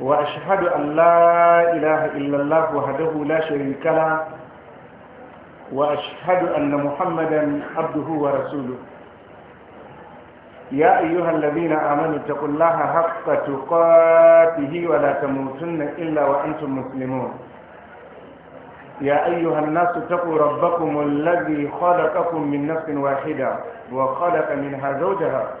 wa ashahadu an la ilaha illallah wahdahu la sharika la wa ashahadu anna muhammadan abduhu wa rasuluhu ya ayyuhal ladina amanu taqullaha haqqa tuqatih wa la tamutunna illa wa antum ya ayyuhan nas taqu rabbakum alladhi khalaqakum min nafsin wahida wa khalaqa minha zawjaha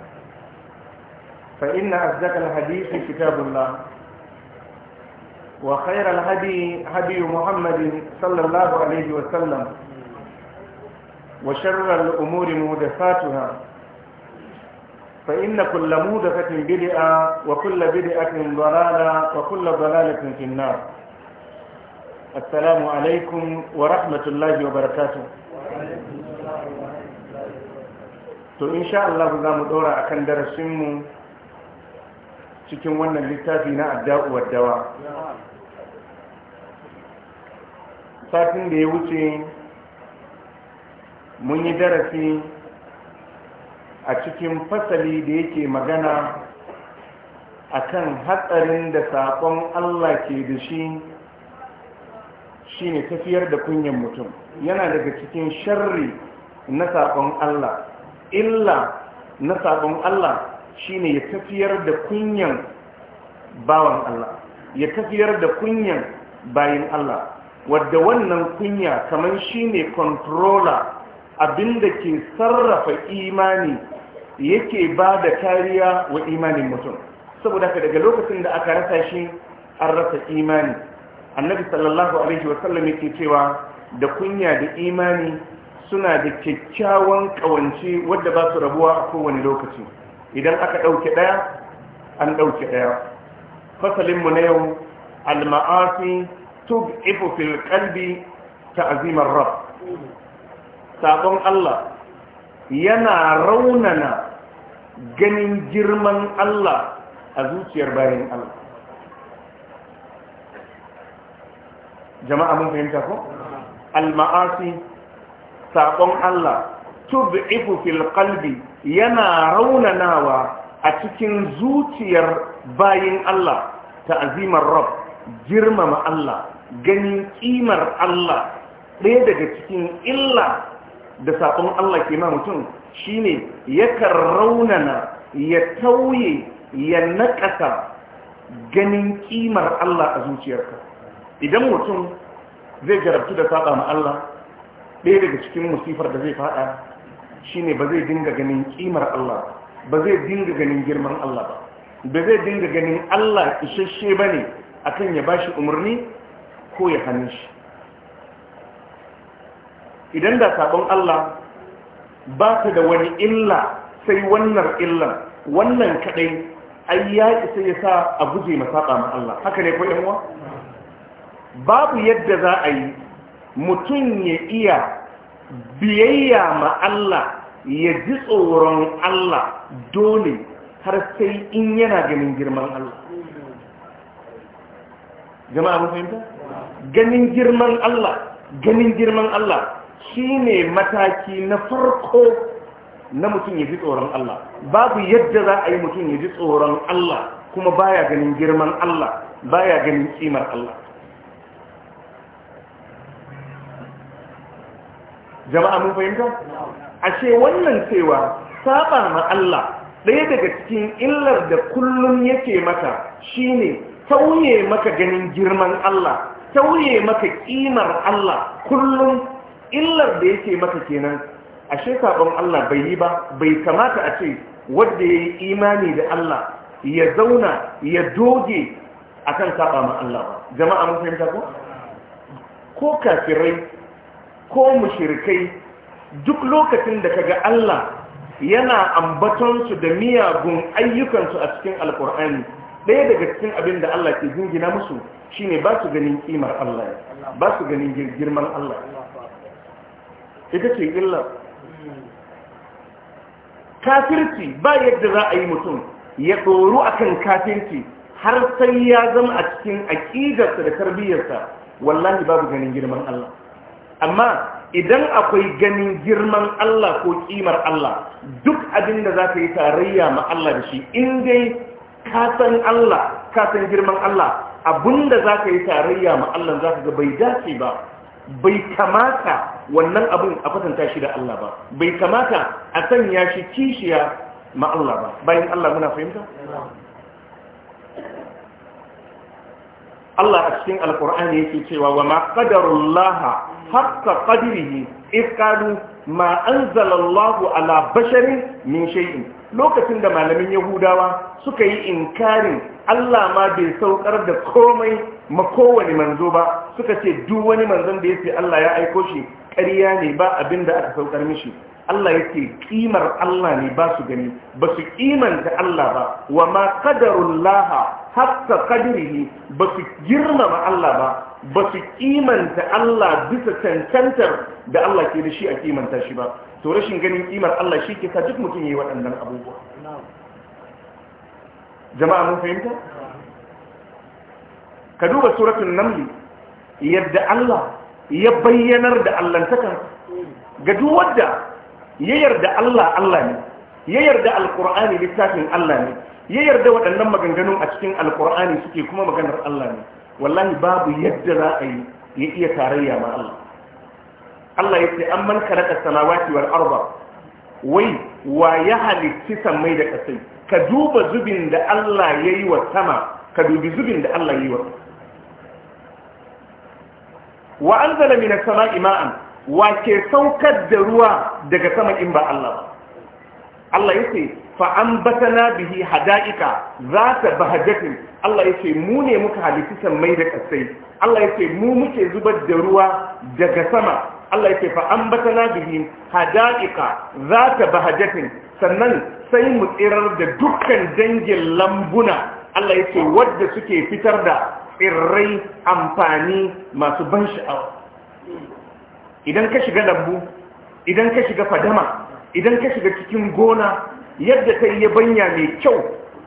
فإن أصدق الحديث كتاب الله وخير الهدي هدي محمد صلى الله عليه وسلم وشر الأمور مهدفاتها فإن كل مودفة بدئة وكل بدئة ضلالة وكل ضلالة في النار السلام عليكم ورحمة الله وبركاته تو إن شاء الله to دورا Allah za cikin wannan littafi na adda'uwar dawa satin da ya wuce mun yi darasi a cikin fasali da yake magana akan hatsarin da saƙon allah ke da shi shine tafiyar da kunyan mutum yana daga cikin sharri na saƙon allah illa na saƙon allah shine ya tafiyar da kunyan bawan Allah ya tafiyar da kunyan bayin Allah wadda wannan kunya kaman shine controller abinda ke sarrafa imani yake ba da kariya wa imanin mutum saboda haka daga lokacin da aka rasa shi an rasa imani annabi sallallahu alaihi wasallam yake cewa da kunya da imani suna da kyakkyawan kawance wadda ba su rabuwa a kowane lokaci idan aka ɗauke ɗaya an ɗauke ɗaya fasalinmu na yau Al-ma'asi tub ifu fil ta azimar rab sabon Allah yana raunana ganin girman Allah a zuciyar bayan Allah jama'a mun fahimta ko al-ma'asi sabon Allah ifu, fil qalbi yana raunanawa a cikin zuciyar bayin Allah ta'azimar rabb girmama Allah ganin kimar Allah ɗaya daga cikin illa da saƙon Allah ke ma mutum shine yakan raunana ya tauye ya naƙasa ganin kimar Allah a zuciyarka idan mutum zai jarabtu da saba ma Allah ɗaya daga cikin musifar da zai fada shine ba zai dinga ganin kimar Allah ba zai dinga ganin girman Allah ba ba zai dinga ganin Allah isasshe ba ne akan ya bashi umarni ko ya hannun shi idan da sabon Allah ba ta da wani illa sai wannan illan wannan kadai ai ya isa ya sa a guje masaba ma Allah haka ne ko yan uwa babu yadda za a yi mutum ya iya biyayya Allah ya ji Allah dole har sai in yana ganin girman Allah jama'a mun fahimta ganin girman Allah ganin girman Allah shine mataki na farko na mutum ya ji Allah babu yadda za'a a yi mutum ya ji tsoron Allah kuma baya ganin girman Allah baya ganin tsimar Allah jama'a mun fahimta ashe wannan cewa saba ma Allah ɗaya daga cikin illar da kullum yake maka shine tauye maka ganin girman Allah tauye maka kimar Allah kullum illar da yake maka kenan ashe sabon Allah bai yi ba bai kamata a ce wanda yayi imani da Allah ya zauna ya doge akan saba ma Allah ba jama'a mun fahimta ko ko kafirai ko mushirikai duk lokacin da kaga Allah yana ambatonsu da miyagun ayyukansu a cikin alkur'ani ɗaya daga cikin abin da Allah ke jingina musu shi ne ba su ganin kimar Allah ba su ganin girman Allah ita ce illa kafirci ba yadda za a yi mutum ya tsoro akan kafirci har sai ya zama a cikin aƙidarsa da tarbiyyarsa wallahi babu ganin girman Allah amma idan akwai ganin girman Allah ko kimar Allah duk abin da za ka yi tarayya ma Allah da shi in dai ka san Allah ka san girman Allah abin da za ka yi tarayya ma Allah za ka ga bai dace ba bai kamata wannan abin a kwatanta shi da Allah ba bai kamata a sanya shi kishiya ma Allah ba bayan Allah muna fahimta Allah a cikin alkur'ani yake cewa wa ma qadarullaha haqqa qadrihi ifqalu ma anzalallahu ala basharin min shay'in lokacin da malamin yahudawa suka yi inkarin Allah ma bai saukar da komai ma kowane manzo ba suka ce duk wani manzon da yace Allah ya aiko shi ƙarya ne ba abin da aka saukar mishi Allah yake kimar Allah ne ba su gani ba su kimanta Allah ba wa ma qadarullah hatta qadrihi ba su girmama Allah ba ba su kimanta Allah bisa cancantar da Allah ke da shi a kimanta shi ba to rashin ganin kimar Allah shi ke sa duk mutum yi waɗannan abubuwa jama'a mun fahimta ka duba suratun namli yadda Allah ya bayyanar da allantakar ga duwadda ya yarda Allah Allah ne ya yarda alkur'ani littafin Allah ne ya yarda waɗannan maganganun a cikin alkur'ani suke kuma maganar Allah ne wallahi babu yadda za a yi ya iya tarayya ba Allah Allah ya ce an man karaka samawati wal arba. wai wa ya halitti sammai da kasai ka duba zubin da Allah ya yi wa sama ka dubi zubin da Allah ya yi wa wa an min as-sama'i wa ke saukar da ruwa daga sama in ba Allah ba Allah ya ce fa'ambatana bihi hada'ika za ta hajjafin Allah ya ce mu ne muka halittu sammai da kasai Allah ya ce mu muke zubar da ruwa daga sama Allah ya ce fa'ambatana bihi hada'ika za ta hajjafin sannan sai mu tsirar da dukkan dangin lambuna Allah ya ce wadda suke fitar da tsirrai amfani masu ban sha'awa idan ka shiga lambu idan ka shiga fadama idan ka shiga cikin gona yadda ta yi banya mai kyau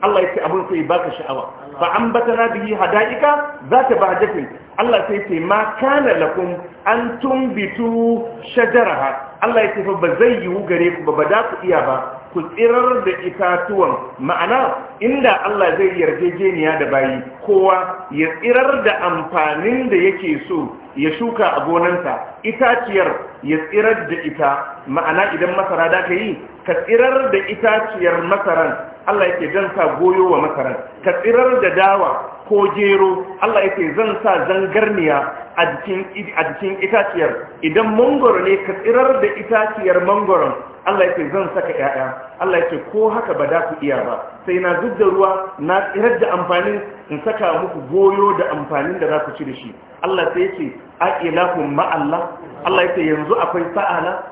Allah ya ce abin sai ba ka sha'awa fa na bihi hada'ika zata jafi Allah sai ce ma kana lakum an tumbitu shajaraha Allah ya ce fa ba zai yiwu gare ku ba da ku iya ba ku tsirar da itatuwan ma'ana inda Allah zai yarjejeniya da bayi kowa ya tsirar da amfanin da yake so ya shuka a gonansa itaciyar ya tsirar da ita ma'ana idan masara da ka yi ka tsirar da itaciyar masaran Allah yake zan sa goyo wa masaran ka tsirar da dawa ko gero Allah yake zan sa zangarniya a jikin itaciyar idan mangoro ne ka tsirar da itaciyar mangoron Allah yake zan saka ƴaƴa Allah yake ko haka ba da ku iya ba sai na duk da ruwa na tsirar da amfani in saka muku goyo da amfanin da za ku ci da shi Allah sai yake a ilahum ma Allah Allah yake yanzu akwai sa'ala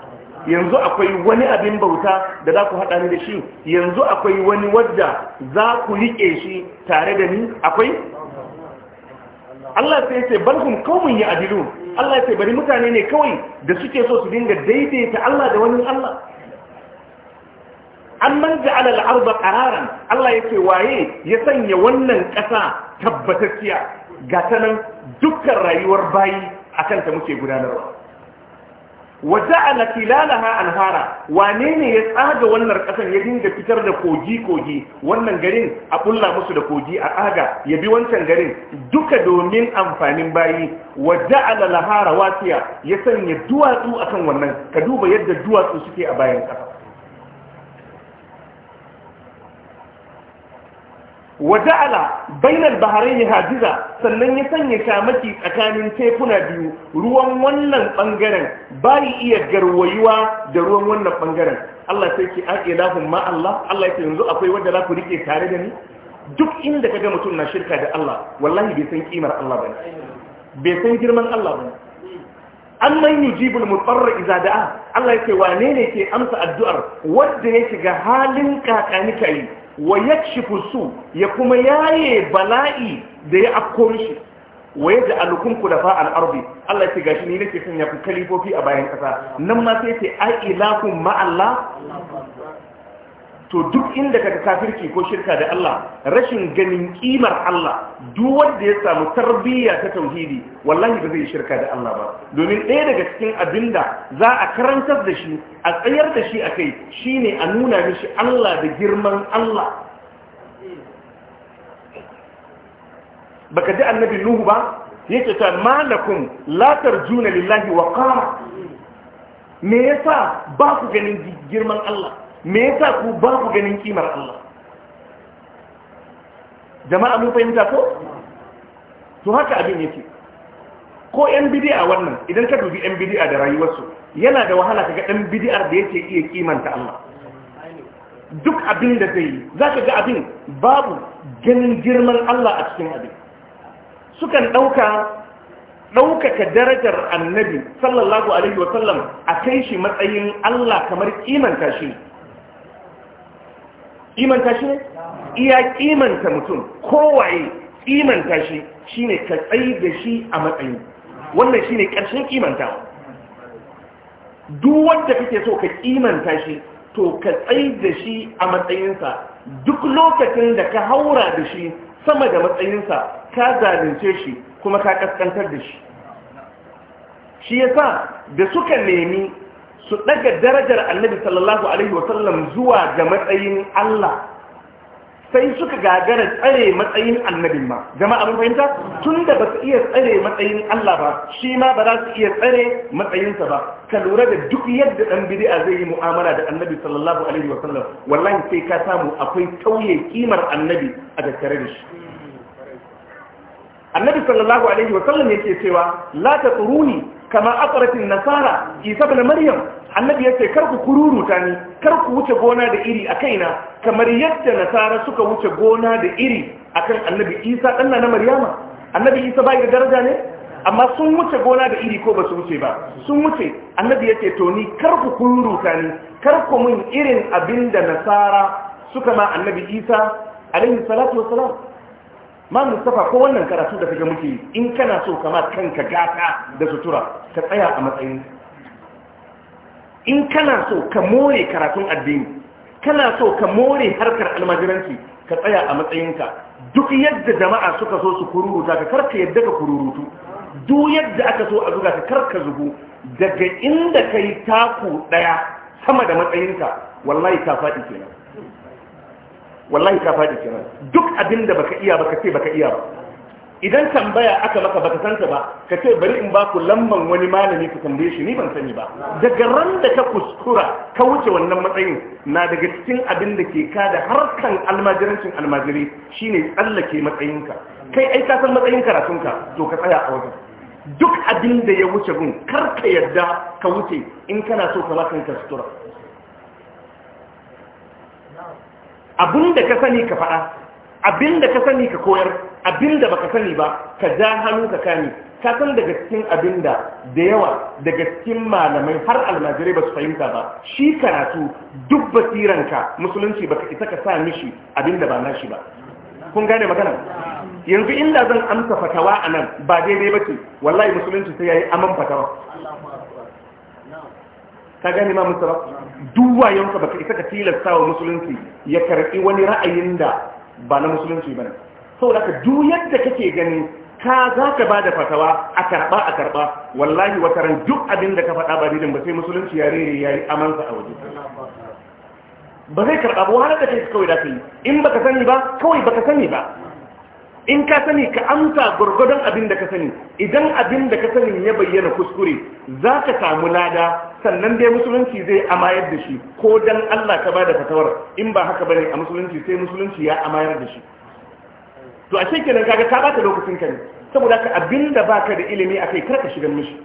yanzu akwai wani abin bauta da za ku haɗa ni da shi yanzu akwai wani wadda za ku riƙe shi tare da ni akwai Allah sai ya ce balhum qaumun ya'dilun Allah ya bari mutane ne kawai da suke so su dinga daidaita Allah da wani Allah amman ja'ala al-ardha qararan Allah yake waye ya sanya wannan ƙasa tabbatacciya ga ta dukkan rayuwar bayi akan ta muke gudanarwa wa ja'ala kilalaha anhara wane ne ya tsaga wannan ƙasan ya dinga fitar da kogi kogi wannan garin a kulla musu da kogi a aga ya bi wancan garin duka domin amfanin bayi wa ja'ala lahara wasiya ya sanya duwatsu akan wannan ka duba yadda duwatsu suke a bayan ƙasa ala bainal baharai hadiza sannan ya sanya shamaki tsakanin tekuna biyu ruwan wannan bangaren bai iya garwayuwa da ruwan wannan bangaren Allah sai ki ake ma Allah Allah ya yanzu akwai wanda za ku rike tare da ni duk inda kaga mutum na shirka da Allah wallahi bai san kimar Allah bane bai san girman Allah bane amman yujibul mutarra idza da'a Allah yake wane ne ke amsa addu'ar wanda ya shiga halin kakani kai wa yakshifu su ya kuma yaye bala'i da ya afko shi wa yadda alukum ku dafa al'arbi Allah ce gashi ni nake sanya ku kalifofi a bayan ƙasa. nan ma sai ce ai ilakun ma Allah to duk inda kaga kafirci ko shirka da Allah rashin ganin kimar Allah duk wanda ya samu tarbiyya ta tauhidi wallahi ba zai shirka da Allah ba domin ɗaya daga cikin abinda za a karantar da shi a tsayar da shi akai shine a nuna mishi Allah da girman Allah baka ji annabi Nuhu ba yake ta malakum la tarjuna lillahi wa qama me yasa ba ku ganin girman Allah me yasa ku ba ku ganin kimar Allah jama'a mun fahimta ko to haka abin yake ko yan bid'a wannan idan ka dubi yan bid'a da rayuwarsu yana da wahala kaga ɗan bid'ar da yake iya kimanta Allah duk abin da zai yi zaka ga abin babu ganin girman Allah a cikin abin sukan dauka ɗaukaka darajar annabi sallallahu alaihi wa sallam a kai shi matsayin Allah kamar kimanta shi imanta shi ne iya imanta mutum kowaye imanta shi shine ka tsaye da shi a matsayi wannan shi ne ƙarshen ƙimanta. duk wanda kake so ka ƙimanta shi to ka tsaye da shi a matsayinsa duk lokacin da ka haura da shi sama da matsayinsa ka zalunce shi kuma ka ƙasƙantar da shi shi yasa da suka nemi su ɗaga darajar annabi sallallahu alaihi wasallam zuwa ga matsayin Allah sai suka gagara tsare matsayin annabin ma gama abin fahimta tun da ba su iya tsare matsayin Allah ba shi ma ba za su iya tsare matsayinsa ba ka lura da duk yadda dan bid'a zai yi mu'amala da annabi sallallahu alaihi wasallam wallahi sai ka samu akwai tauye kimar annabi a tattare da shi annabi sallallahu alaihi wasallam yake cewa la taquruni kama akwaratin nasara isa bin maryam annabi ya ce kar kururuta ni kar ku wuce gona da iri a kaina kamar yadda nasara suka wuce gona da iri akan annabi isa ɗanna na maryama annabi isa bai da daraja ne amma sun wuce gona da iri ko ba su wuce ba sun wuce annabi ya ce to ni kar ku kururuta ni kar mun irin abinda nasara suka ma annabi isa alaihi salatu wasalam ma mustafa ko wannan karatu da kaga muke in kana so kama kanka gata da sutura ka tsaya a matsayin in kana so ka more karatun addini kana so ka more harkar almajiranci ka tsaya a matsayinka duk yadda jama'a suka so su kururuta ka karka yadda ka kururutu duk yadda aka so a zuga ka karka zugu daga inda kai taku ɗaya sama da matsayinka wallahi ka faɗi kenan wallahi ka fadi kenan duk abin da baka iya baka ce baka iya ba idan tambaya aka maka baka santa ba ka ce bari in ba ku lamban wani malami ku tambaye shi ni ban sani ba daga ran da ka kuskura ka wuce wannan matsayin na daga cikin abin da ke kada harkan almajirancin almajiri shine tsallake matsayinka kai ai ka san matsayin karatunka to ka tsaya a wajen duk abin da ya wuce gun kar ka yadda ka wuce in kana so ka maka sutura abin da ka sani ka faɗa abin da ka sani ka koyar abin da baka sani ba ka ja hannu ka kani, ka san daga cikin abin da da yawa daga cikin malamai har almajirai ba su fahimta ba shi karatu duk basiranka musulunci baka isa ka sa mishi abin da ba nashi ba kun gane magana yanzu inda zan amsa fatawa a nan ba daidai ba ce wallahi musulunci sai ya yi aman fatawa ka gani ma musu duk ba ka isa ka tilasta wa musulunci ya karɓi wani ra'ayin da ba na musulunci bane saboda ka duk yadda kake gani ka za ka ba da fatawa a karɓa a karɓa wallahi wata ran duk abin da ka faɗa ba didin ba sai musulunci ya rere ya yi amansa a waje ba zai karɓa ba wahalar da kai kawai da yi in baka sani ba kawai baka sani ba in ka sani ka amsa gurgudun abin da ka sani idan abin da ka sani ya bayyana kuskure za ka samu lada sannan dai musulunci zai amayar da shi ko dan Allah ka bada fatawar in ba haka bane a musulunci sai musulunci ya amayar da shi to a kenan kaga ka bata lokacin ka ne saboda ka abinda baka da ilimi akai kar ka shiga mishi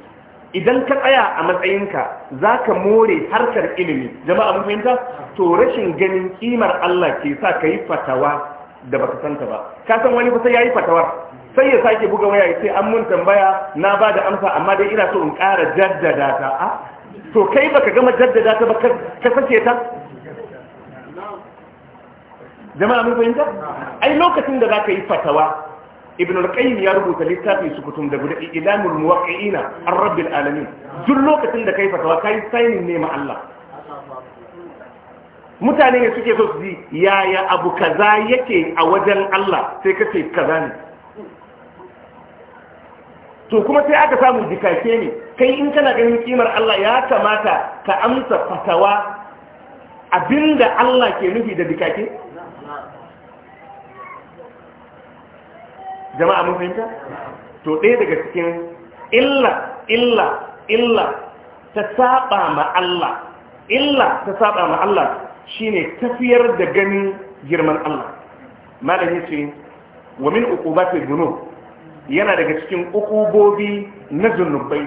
idan ka tsaya a matsayinka za ka more harkar ilimi jama'a mun fahimta to rashin ganin kimar Allah ke sa ka yi fatawa da baka santa ba ka san wani kusa ya yi fatawar sai ya sake buga waya sai an mun tambaya na ba da amsa amma dai ina so in ƙara jaddada ta a ah, to kai baka gama jaddada ta baka kasance ta jama'a mun fahimta ai lokacin da zaka yi fatawa ibn al-qayyim ya rubuta littafin kutum da guda ilamul muwaqqi'ina ar-rabbil alamin duk lokacin da kai fatawa kai signing ne ma Allah mutane ne suke so su ji yaya abu kaza yake a wajen Allah sai kace kaza ne to kuma sai aka samu dikake ne kai in kana ganin kimar Allah ya kamata ka amsa fatawa abinda Allah ke nufi da bikake jama'a mun fahimta to ɗaya daga cikin illa illa illa ta saba ma Allah illa ta saba ma Allah shine tafiyar da ganin girman Allah malami ce wa min uqubati dhunub yana daga cikin uqubobi na zunubai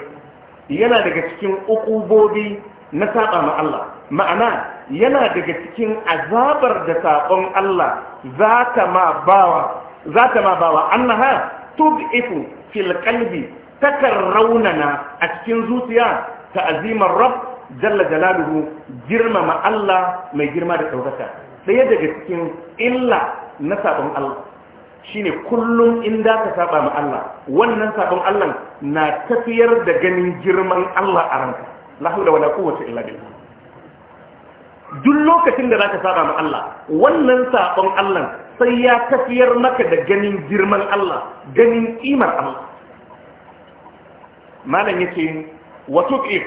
yana daga cikin ukubobi na saba ma Allah ma'ana yana daga cikin azabar da saƙon Allah za ta ma bawa annaha tub'ifu fil qalbi takan raunana a cikin zuciya ta azimar rab jalla jalaluhu girmama Allah mai girma da ɗaukaka ɗaya daga cikin illa na saƙon Allah shine kullum in da ka saba ma Allah wannan sabon Allah na tafiyar da ganin girman Allah a ranka la hawla wala quwwata illa duk lokacin da zaka saba ma Allah wannan sabon Allah sai ya tafiyar maka da ganin girman Allah ganin kimar Allah malam yake wa tuqif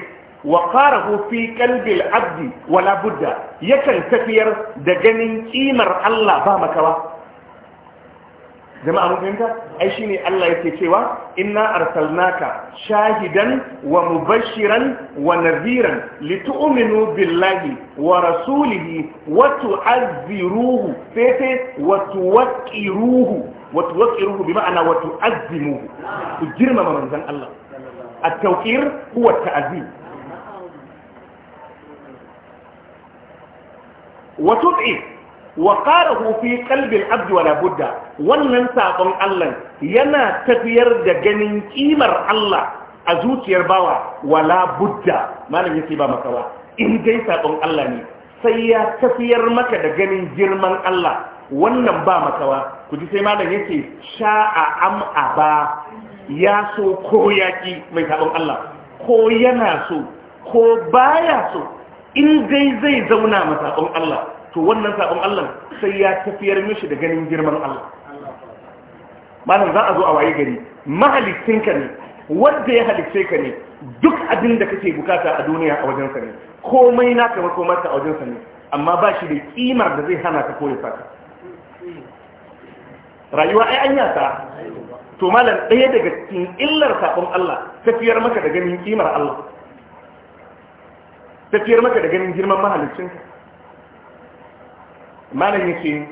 wa qarahu fi qalbi al-abd wala budda yakan tafiyar da ganin kimar Allah ba makawa jama'a mun fahimta ai ne Allah yake cewa inna arsalnaka shahidan wa mubashiran wa nadhiran litu'minu billahi wa rasulihi wa tu'azziruhu fete wa tuwaqqiruhu wa tuwaqqiruhu bi ma'ana wa tu'azzimuhu ku girmama manzan Allah at-tawqir huwa at-ta'zim wa tut'i wa Hufi, fi qalbi al budda wannan sabon Allah yana tafiyar da ganin kimar Allah a zuciyar bawa wala budda malam yace ba makawa in dai sabon Allah ne sai ya tafiyar maka da ganin girman Allah wannan ba makawa ku ji sai malam yace sha'a am aba ya so ko yaki mai sabon Allah ko yana so ko baya so in dai zai zauna masakon Allah to wannan sabon Allah sai ya tafiyar mishi da ganin girman Allah malam za a zo a waye gari mahalicinka ne wanda ya halicce ka ne duk abin da kake bukata a duniya a wajensa ne komai na naka makomarta a wajensa ne amma ba shi da kimar da zai hana ka koya saka rayuwa ai an yasa to malam ɗaya daga cikin illar sabon Allah tafiyar maka da ganin kimar Allah tafiyar maka da ganin girman mahalicinka malam yake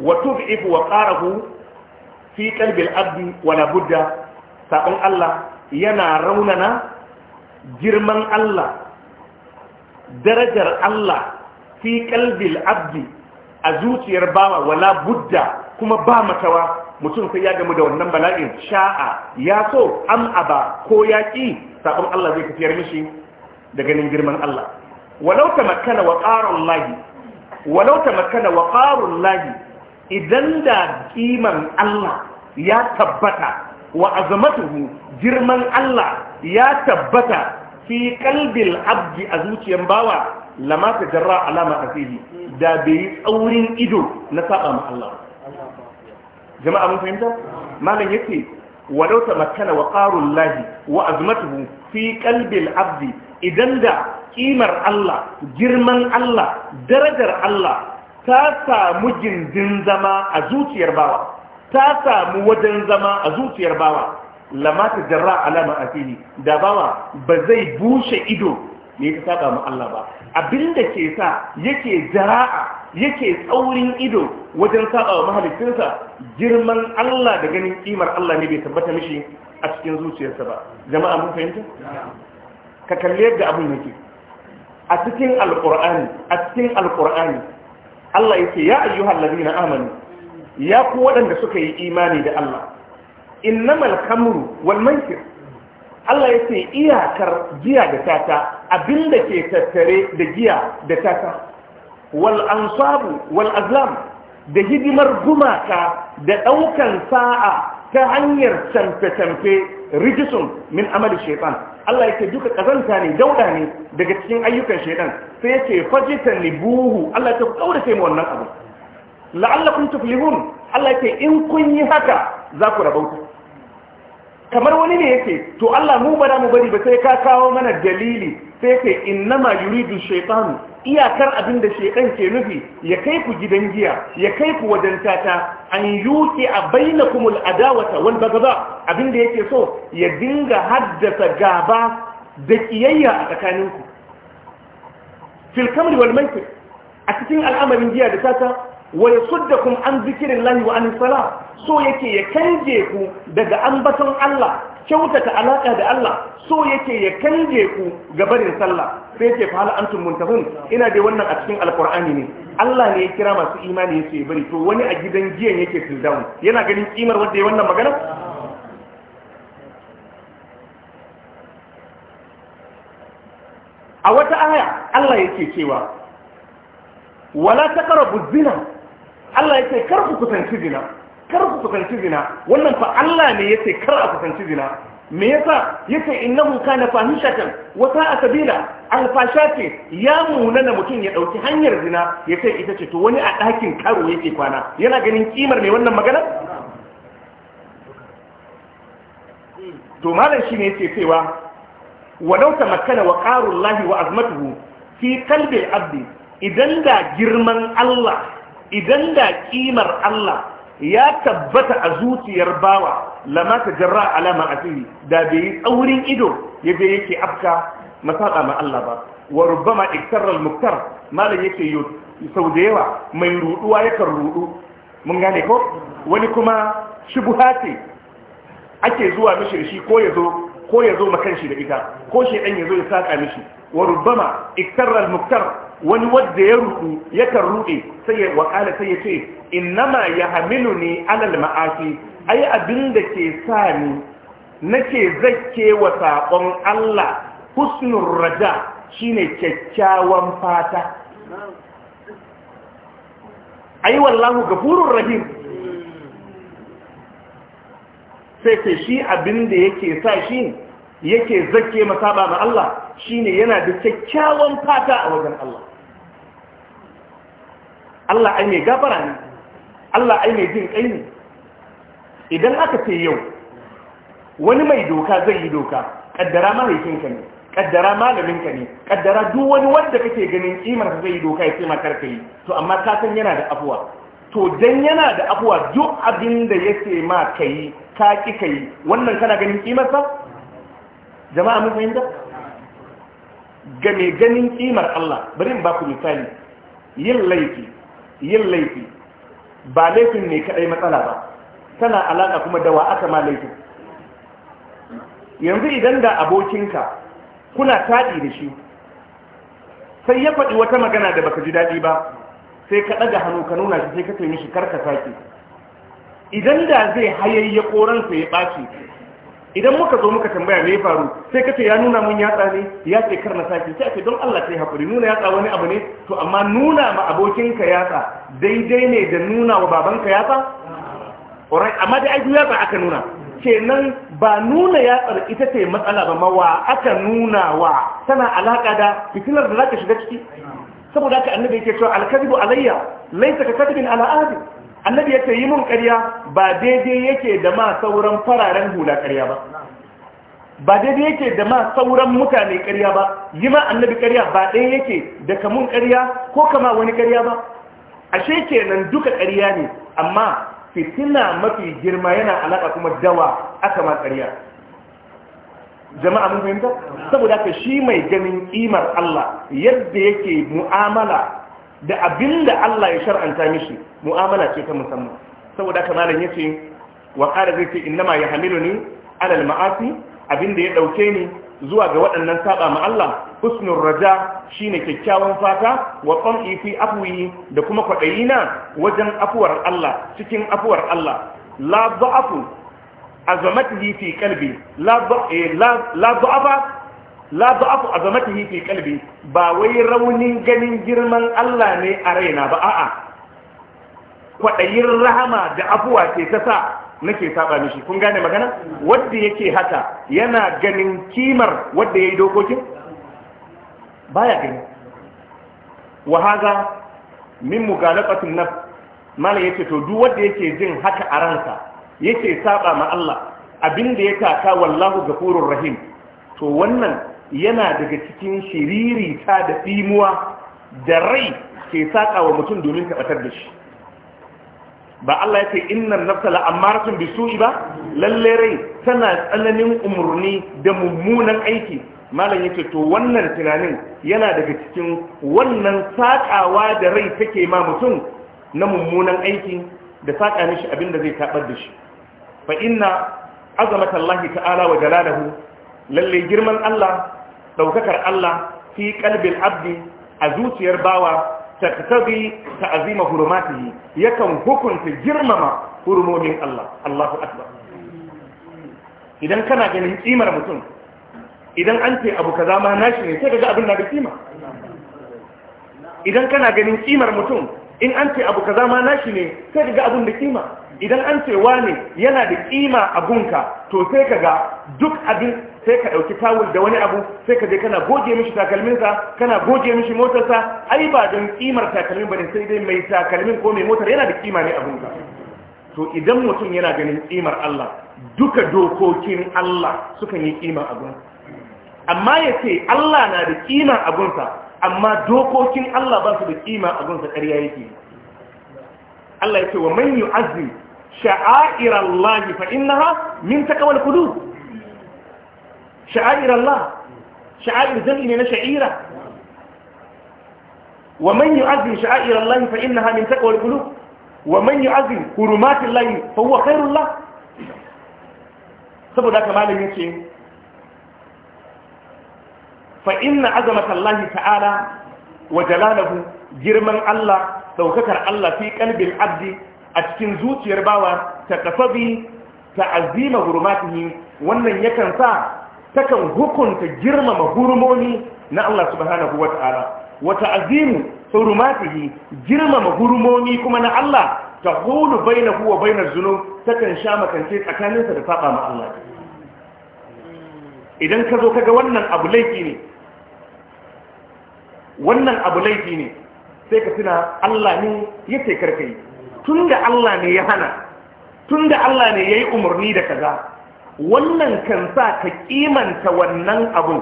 wa tub'ifu wa qarahu fi qalbi al-abdi wa la budda sabon Allah yana raunana girman Allah darajar Allah fi qalbi al-abdi a zuciyar bawa wala budda kuma ba matawa mutum sai ya gamu da wannan bala'in sha'a ya so am aba ko ya ƙi sabon Allah zai tafiyar mishi da ganin girman Allah walau ta makana wa ƙarar lahi walau wa ƙarun lahi idan da ƙiman Allah ya tabbata wa azamatuhu girman Allah ya tabbata fi qalbil abdi a zuciyar bawa lama ta jarra alama asihi da bai tsaurin ido na saba ma Allah jama'a mun fahimta malam yake walau wa ƙarun lahi wa azmatuhu fi ƙalbil abdi idan da kimar Allah girman Allah darajar Allah ta samu gindin zama a zuciyar bawa ta samu wajen zama a zuciyar bawa lamata jarra alama a fili da bawa ba zai bushe ido ne ta saba mu Allah ba abinda ke sa yake jara'a yake tsaurin ido wajen saba wa mahalicinsa girman Allah da ganin kimar Allah ne bai tabbata mishi a cikin zuciyarsa ba jama'a mun fahimta ka kalli yadda abin yake a cikin alkur'ani a cikin alkur'ani Allah yake ya ayyuhal ladina amanu ya ku waɗanda suka yi imani da Allah innamal kamru wal maisir Allah yake iyakar giya da tata abinda ke tattare da giya da tata wal ansabu wal azlam da hidimar gumaka da ɗaukan sa'a ta hanyar tamfe-tamfe rijisun min amali shaitan Allah yake duka kazanta ne dauda ne daga cikin ayyukan shaidan sai yake fajitan libuhu Allah yake kaura sai mu wannan abu la'allakum tuflihun Allah yake in kun yi haka za ku rabauta kamar wani ne yake to Allah mu bara mu bari ba sai ka kawo mana dalili sai inna ma yuridu shaytanu iyakar abin da ke nufi ya kai ku gidan giya ya kai ku wajen tata an yuke a bainakumul adawata wani bagaba abin da yake so ya dinga haddasa gaba da kiyayya a tsakaninku fil kamri wal a cikin al'amarin giya da tata sudda kuma an zikrillahi wa an sala so yake ya canje ku daga ambaton Allah kyautata alaƙa da Allah so yake ya kange ku ga barin sallah sai yake fa hal antum muntahun ina dai wannan a cikin alqur'ani ne Allah ne ya kira masu imani yace bari to wani a gidan giyan yake tildown yana ganin kimar wanda ya wannan magana a wata aya Allah yake cewa wala taqrabu zina Allah yake kar ku kusanci zina kar ku kusanci zina wannan fa Allah ne yace kar a kusanci zina me yasa yace innahu kana fahishatan wa sa'a sabila alfasha ce ya munana mutum ya dauki hanyar zina yace ita ce to wani a dakin karo yake kwana yana ganin kimar ne wannan magana to malam shine yace cewa walau tamakkana wa qarullahi wa azmatuhu fi qalbi abdi idan da girman Allah idan da kimar Allah ya tabbata a zuciyar bawa lamata jarra alama a da bai yi tsaurin ido ya yake afka masaɗa ma Allah ba wa rubama muktar malam yake yi sau da yawa mai ruduwa yakan rudu mun gane ko wani kuma shubuha ce ake zuwa mishi shi ko ya zo ko ya zo shi da ita ko shi ɗan ya zo ya saƙa mishi wa rubama muktar wani wadda ya ya yakan ruɗe, sai ya wakala sai ya ce innama ya hamilu ne alal ma'afi ai abin da ke sa ni nake zakke wa saƙon Allah husnul raja shine kyakkyawan fata ai wallahu gafurur rahim sai ce shi abin da yake sa shi yake zakke masaba ma Allah shine yana da kyakkyawan fata a wajen Allah Allah ai mai gafara ne Allah ai mai jin kai ne idan aka ce yau wani mai doka zai yi doka kaddara mahaifinka ne kaddara malaminka ne kaddara duk wani wanda kake ganin kimar zai yi doka ya ce ma karka yi to amma ka san yana da afuwa to dan yana da afuwa duk abin da ya ce ma kai ka ki kai wannan kana ganin kimar sa jama'a mun fahimta ga mai ganin kimar Allah bari in ba ku misali yin laifi yin laifi ba laifin ne kaɗai matsala ba tana alaka kuma da wa aka ma laifin yanzu idan da abokinka kuna taɗi da shi sai ya faɗi wata magana da baka ji daɗi ba sai ka ɗaga hannu ka nuna shi sai ka taimishi karka sake idan da zai hayayya koransa ya ɓace. idan muka zo muka tambaya me faru sai kace ya nuna mun yatsa ne ya ce kar na saki sai ce don Allah sai hakuri nuna yatsa wani abu ne to amma nuna ma abokinka yatsa daidai ne da nuna wa babanka yatsa alright amma dai ai yatsa aka nuna kenan ba nuna yatsar ita ce matsala ba mawa aka nuna wa tana alaka da fitilar da zaka shiga ciki saboda ka annabi yake cewa al alayya laysa ka kadibin ala adi annabi yace yi mun ƙarya ba daidai yake da ma sauran fararen hula ƙarya ba ba daidai yake da ma sauran mutane ƙarya ba yi ma annabi ƙarya ba ɗaya yake da kamun ƙarya ko kama wani ƙarya ba ashe kenan duka ƙarya ne amma fitina mafi girma yana alaƙa kuma dawa aka ma ƙarya jama'a mun fahimta saboda ka shi mai ganin ƙimar Allah yadda yake mu'amala da abin da Allah ya shar'anta mishi mu'amala ce ta musamman saboda haka malam yace wa qala zai ce innama yahmiluni ala al-ma'asi abin da ya dauke ni zuwa ga waɗannan saba ma Allah husnul raja shine kyakkyawan fata wa qam'i fi da kuma kwadayina wajen afuwar Allah cikin afuwar Allah la dha'afu azamatihi fi qalbi la la dha'afa la da'afu azamatihi fi qalbi ba wai raunin ganin girman Allah ne a raina ba a'a kwadayin rahama da afuwa ce ta sa nake saba mishi kun gane magana wanda yake haka yana ganin kimar wanda yayi dokokin baya gani wa haza min mugalaqatin naf mala yake to duk wanda yake jin haka a ransa yake saba ma Allah abinda ya taka wallahu gafurur rahim to wannan yana daga cikin shiriri ta da ɗimuwa da rai ke saƙa wa mutum domin taɓatar da shi ba Allah ya ce innan nafsa amma bi su'i ba lalle rai tana tsananin umarni da mummunan aiki malam yake to wannan tunanin yana daga cikin wannan saƙawa da rai take ma mutum na mummunan aiki da saƙa mishi abin da zai taɓar da shi fa inna azamata Allah ta'ala wa hu lalle girman Allah daukakar Allah fi kalbin abdi a zuciyar bawa ta ta ta'zima hurumatihi yakan hukunta girmama hurumomin Allah Allahu akbar idan kana ganin kimar mutum idan an ce abu kaza ma nashi ne sai kaga abin na da kima idan kana ganin kimar mutum in an ce abu kaza ma nashi ne sai ka ga abun da kima idan an ce wane yana da kima abunka to sai ka duk abin sai ka ɗauki tawul da wani abu sai kaje kana goge mishi takalminsa kana goge mishi motarsa ai ba don kimar takalmin ba ne sai dai mai takalmin ko mai motar yana da kima ne abunka to idan mutum yana ganin kimar Allah duka dokokin Allah sukan yi kima abun amma ya ce Allah na da kima abunsa amma dokokin Allah ba su da kima a gunsa ƙarya yake Allah ya ce wa man yu'azzim sha'air Allah fa innaha min taqwal qulub sha'air Allah sha'air zalli ne na sha'ira wa man yu'azzim sha'air Allah fa innaha min taqwal qulub wa man yu'azzim hurumat Allah fa huwa khairul lah saboda haka malamin ce Fa'inna inna azamatallahi ta'ala wa jalalahu girman Allah daukakar Allah fi kalbin abdi a cikin zuciyar bawa ta kasabi ta azima wannan yakan sa takan hukunta girmama hurmoni na Allah subhanahu wa ta'ala wa ta'zimu hurmatihi girmama hurmoni kuma na Allah ta hulu bainahu wa bainar zunub takan sha makance tsakaninsa da saba ma Allah idan ka zo kaga wannan abu laifi ne wannan abu laifi ne sai ka tuna Allah ne ya ce karkai. tun tunda Allah ne ya hana tunda Allah ne ya yi umarni da kaza wannan kan sa ka kimanta wannan abu.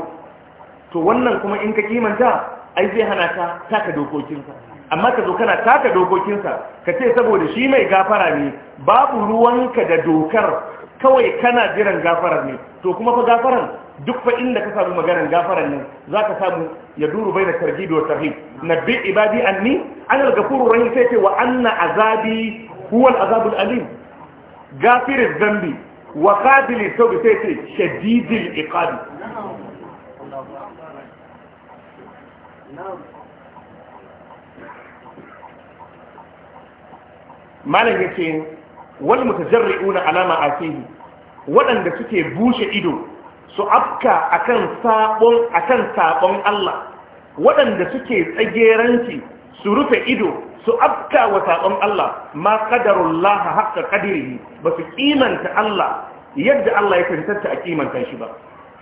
to wannan kuma in ka kimanta ai zai hana ka taka dokokinsa amma ka zo kana taka dokokinsa ka ce saboda shi mai gafara ne babu ruwanka da dokar kawai kana jiran gafarar ne to kuma fa gafaran duk fa inda ka samu maganar gafaran ne za ka samu ya duru bai da targibi wa tarhib nabbi ibadi anni an al-ghafuru rahim sai ce wa anna azabi huwa al-azabul alim gafir zambi wa qabil tawbi sai ce shadidul iqab malam yace wal mutajarri'una ala ma'asihi waɗanda suke bushe ido su afka akan kan sabon Allah waɗanda suke tsageranci su rufe ido su afka wa sabon Allah ma qadarullah haqqa qadrihi ba su ƙimanta Allah yadda Allah ya tantance a kimanta shi ba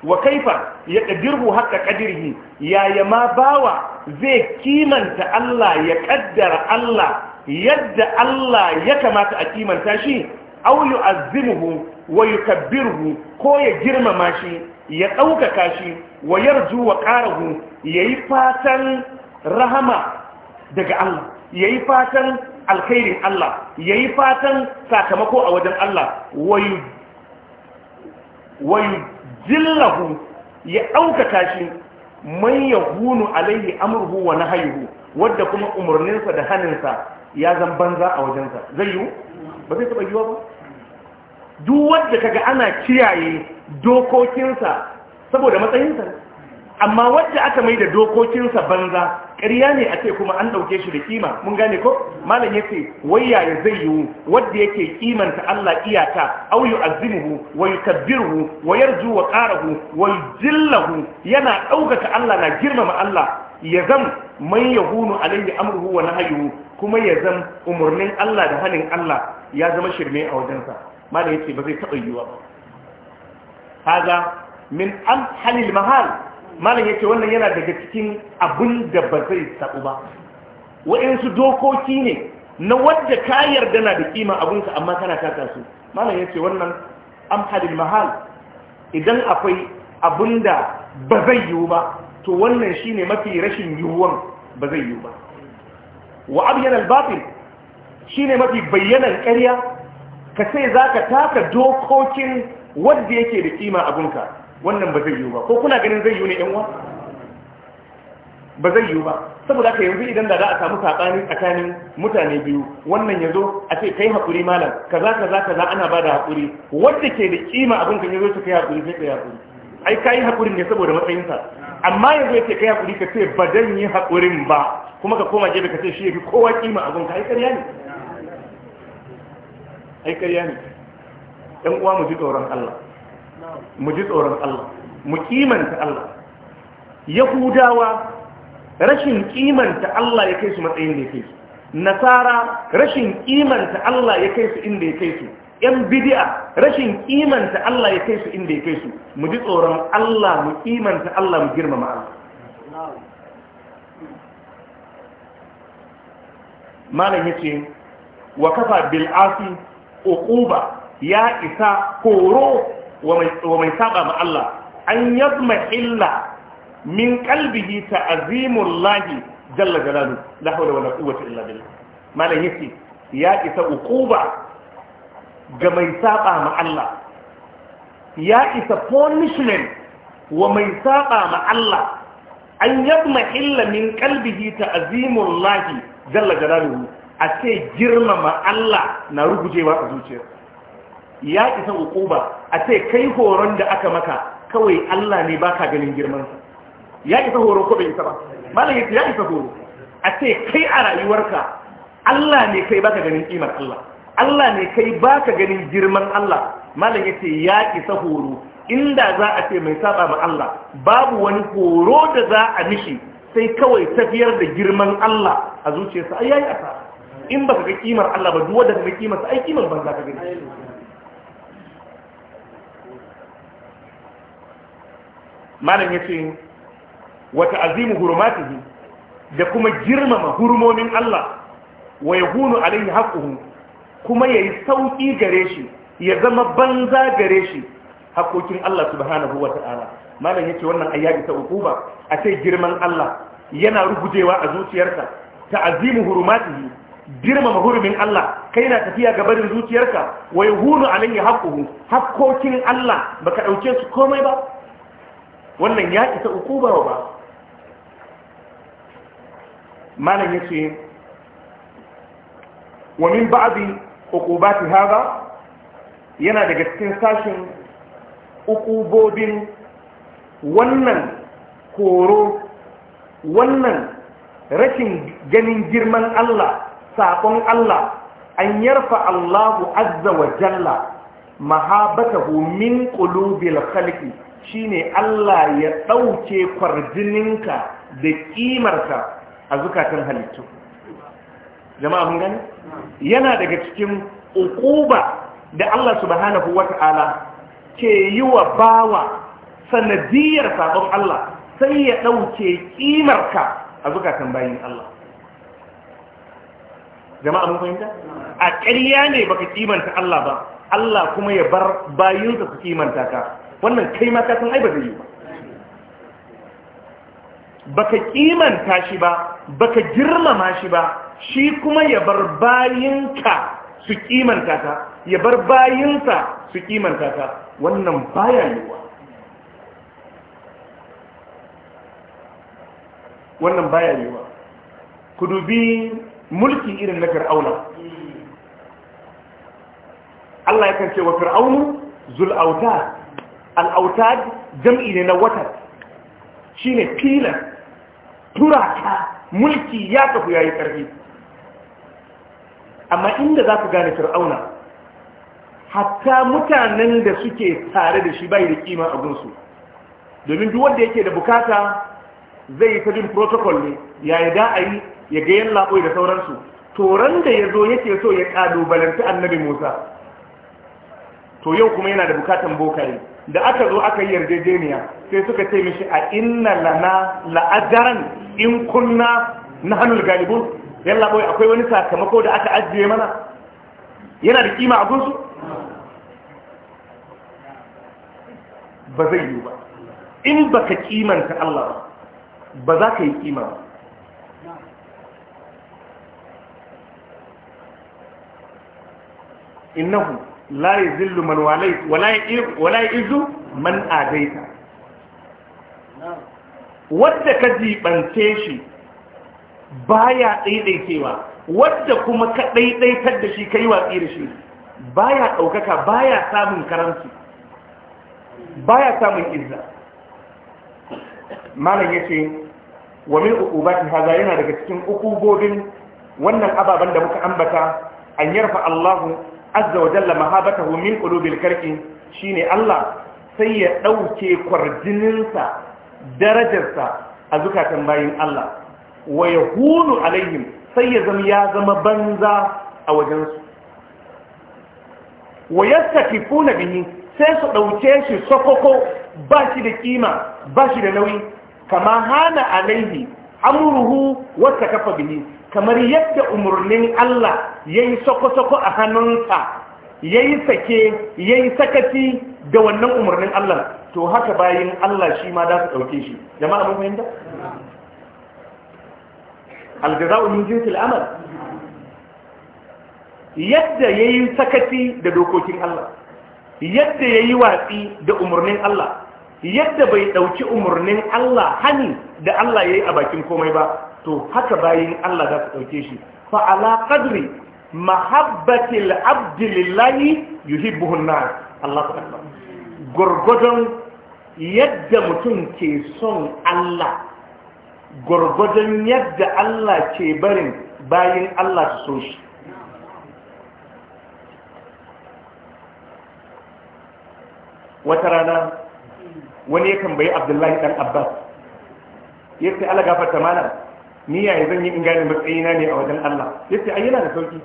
wa kaifa ya qadirhu haqqa qadrihi yaya ma bawa zai ƙimanta Allah ya ƙaddara Allah yadda Allah ya kamata a kimanta shi aw yu'azzimuhu wa yukabbiruhu ko ya girmama shi ya ɗaukaka shi wa yarju wa ƙarahu yayi fatan rahama daga Allah yayi fatan alkhairin Allah yayi fatan sakamako a wajen Allah wayu jillahu ya ɗaukaka shi man yahunu alaihi amruhu wa nahyuhu wadda kuma umarninsa da haninsa ya zan banza a wajensa zai yiwu ba zai taɓa yiwa ba duk wanda kaga ana kiyaye dokokinsa saboda matsayinsa amma wanda aka mai da dokokinsa banza ƙarya ne a ce kuma an ɗauke shi da kima mun gane ko malam ya ce wayya ya zai yiwu wadda yake kimanta Allah iyaka au yu azimuhu wa yukabbiruhu wa yarju wa qarahu wa yujillahu yana ɗaukaka Allah na girmama Allah ya zam man yahunu alayhi amruhu wa nahyuhu kuma ya zam umurnin Allah da hanin Allah ya zama shirme a wajensa mala ce ba zai taɓa yiwuwa ba kaga min an halil mahal mala yace wannan yana daga cikin abun da ba zai taɓu ba wa'insu dokoki ne na wadda ka yarda na da kima abunka amma kana taka su mala ce wannan an halil mahal idan akwai abun da ba zai yiwu ba to wannan ne mafi rashin yiwuwan ba zai yiwu ba wa abyan al-batil shine mafi bayyanan ƙarya ka ce za ka taka dokokin wadda yake da kima abinka wannan ba zai yiwu ba ko kuna ganin zai yiwu ne yanwa ba zai yiwu ba saboda ka yanzu idan da za a samu saɓani tsakanin mutane biyu wannan ya zo a ce ka yi haƙuri malam kaza kaza za ana ba da haƙuri wadda ke da kima abinka ya zo ta kai haƙuri sai yi haƙuri ai ka yi haƙurin ne saboda matsayinsa amma yanzu ya ce yi haƙuri ka ce ba dan yi haƙurin ba kuma ka koma jebe ka ce shi ya fi kowa kima abin ai ƙarya ne ai ne ɗan uwa mu ji tsoron Allah mu ji tsoron Allah mu kimanta Allah yahudawa rashin kimanta Allah ya kai su matsayin da ya kai su nasara rashin kimanta Allah ya kai su inda ya kai su ‘yan bidi'a rashin kimanta Allah ya kai su inda ya kai su mu ji tsoron Allah mu kimanta Allah mu girmama Allah malam ya ce wa kafa bil'afi uquba ya isa horo wa mai saba ma Allah an yazma illa min qalbihi ta'zimul lahi jalla jalalu la hawla wala quwwata illa billah malan yace ya isa uquba ga mai saba ma Allah ya isa punishment wa mai saba ma Allah an yazma illa min qalbihi ta'zimul lahi jalla jalaluhu a ce girmama Allah na rugujewa a zuciya ya isa hukuba a ce kai horon da aka maka kawai Allah ne baka ganin girmansa ya isa horo ko bai isa ba malam ya isa horo a ce kai a rayuwarka Allah ne kai baka ganin kimar Allah Allah ne kai baka ganin girman Allah malam ce ya isa horo inda za a ce mai saba ma Allah babu wani horo da za a mishi sai kawai tafiyar da girman Allah a zuciyarsa ai yayi asara in ba ka ga kimar Allah ba duwada wanda ka ga kimar sa ai kimar banza ka gani malam yace wa ta'zimu hurumatihi da kuma girmama hurmomin Allah wa yahunu alaihi haqquhu kuma yayi sauki gare shi ya zama banza gare shi hakokin Allah subhanahu wa ta'ala malam yace wannan ayyadi ta ukuba a ce girman Allah yana rugujewa a zuciyarka ta'zimu hurumatihi girmama hurumin Allah kai na tafiya ga barin zuciyarka wai yahunu ya haqquhu haƙƙokin Allah baka dauke su komai ba wannan ya isa uku ba malam yace wa min ba'di uqubati hada yana daga cikin sashin ukubobin wannan koro wannan rashin ganin girman Allah saƙon Allah an yarfa Allahu azza wa jalla mahabatahu min qulubil khalqi shine Allah ya dauke kwarjininka da kimarka a zukatan halittu jama'a mun gani yana daga cikin ukuba da Allah subhanahu wata'ala ke yi wa bawa sanadiyar sabon Allah sai ya dauke kimarka a zukatan bayin Allah jama'a mun fahimta a ƙarya ne baka kimanta Allah ba Allah kuma ya bar bayinsa su kimanta ka wannan kai ma ka san ai ba zai yi ba baka kimanta shi ba baka girmama shi ba shi kuma ya bar bayinka su kimanta ka ya bar bayinsa su kimanta ka wannan baya ne wannan baya yiwa ku dubi mulki irin na fir'auna Allah ya kance wa fir'aunu zul autad al autad jam'i ne na wata shine filan turaka mulki ya tafi yayi karfi amma inda za ku gane fir'auna hatta mutanen da suke tare da shi bai da kima a gunsu domin duk wanda yake da bukata zai yi ta bin protocol ne yayi da a yi ya ga yan da sauransu toron da ya zo yake so ya kalubalanci annabi musa to yau kuma yana da bukatan bokaye da aka zo aka yi yarjejeniya sai suka ce mishi a inna lana la'ajaran in kunna na hannun galibu. yan akwai wani sakamako da aka ajiye mana yana da kima a gunsu ba zai yi ba in baka kimanta Allah ba za ka yi kima ba innahu la yuzillu man walait wala yuzu man adaita wadda ka jibance shi baya daidaitewa wadda kuma ka daidaitar da shi kai watsi da shi baya daukaka baya samun karanci baya samun izza malam yace wa min uqubati hada yana daga cikin uqubobin wannan ababan da muka ambata an yarfa Allahu azza wa jalla mahabatahu min qulubil karki shine Allah sai ya dauke kwarjininsa darajarsa a zukatan bayin Allah wa yahunu alaihim sai ya zama ya zama banza a wajensu wa yastakifuna bihi sai su dauke shi sokoko ba shi da kima ba shi da nauyi kama hana alaihi amruhu wasta kafa bihi kamar yadda umarnin Allah ya yi sako-sako a hannunsa ya yi sake ya yi sakaci da wannan umarnin Allah to haka bayan Allah shi ma da su ɗauke shi jama'a mun fahimta? aljaza'u min jinsi al'amal yadda ya yi sakaci da dokokin Allah yadda ya yi watsi da umarnin Allah yadda bai ɗauki umarnin Allah hani da Allah ya yi a bakin komai ba to haka bayin Allah za su ɗauke shi fa ala qadri mahabbatil abdi lillahi yuhibbuhu an-nas Allahu akbar gurgudun yadda mutum ke son Allah gurgudun yadda Allah ke barin bayin Allah ta so shi wata rana wani ya tambayi Abdullahi dan Abbas yace Allah gafarta mana ni yayi zan yi in gane matsayina ne a wajen Allah yace ai yana da sauki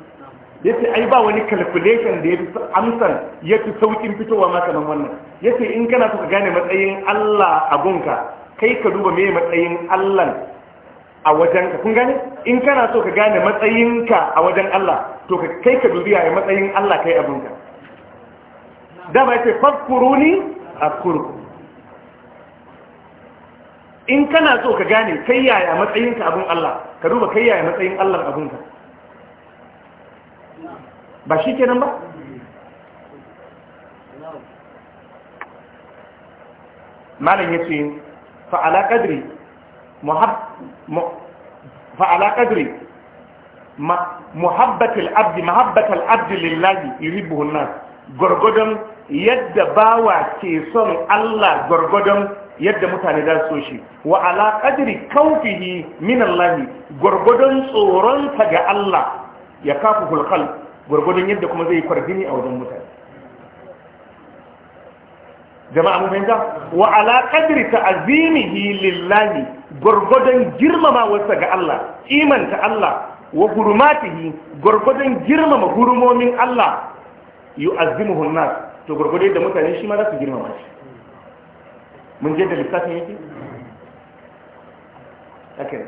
yace ai ba wani calculation da yafi amsan yafi saukin fitowa ma nan wannan yace in kana so ka gane matsayin Allah a gunka kai ka duba me matsayin Allah a wajen ka kun gane in kana so ka gane matsayinka a wajen Allah to kai ka dubi yaya matsayin Allah kai a gunka da ba yace fakuruni akurku in kana so ka gane kai yaya matsayinka abun Allah ka duba kai yaya matsayin Allah ka, ba shi kenan ba malam ya ce fa'ala ƙadri muhabbatul abdi muhabbatul abdi lillahi yuhibbuhun nas gwargwadon yadda bawa ke son Allah gwargwadon yadda mutane da so shi wa ala qadri kawfihi min Allah gurgudun tsoron ta ga Allah ya kafu hulqal gurgudun yadda kuma zai kwardini a wajen mutane jama'a mun fahimta wa ala qadri ta'zimihi lillahi gurgudun girmamawarsa ga Allah imanta Allah wa hurmatihi gurgudun girmama hurumomin Allah yu'azzimuhu an-nas to gurgudai da mutane shi ma za su girmama shi mun je da lissafin yake ake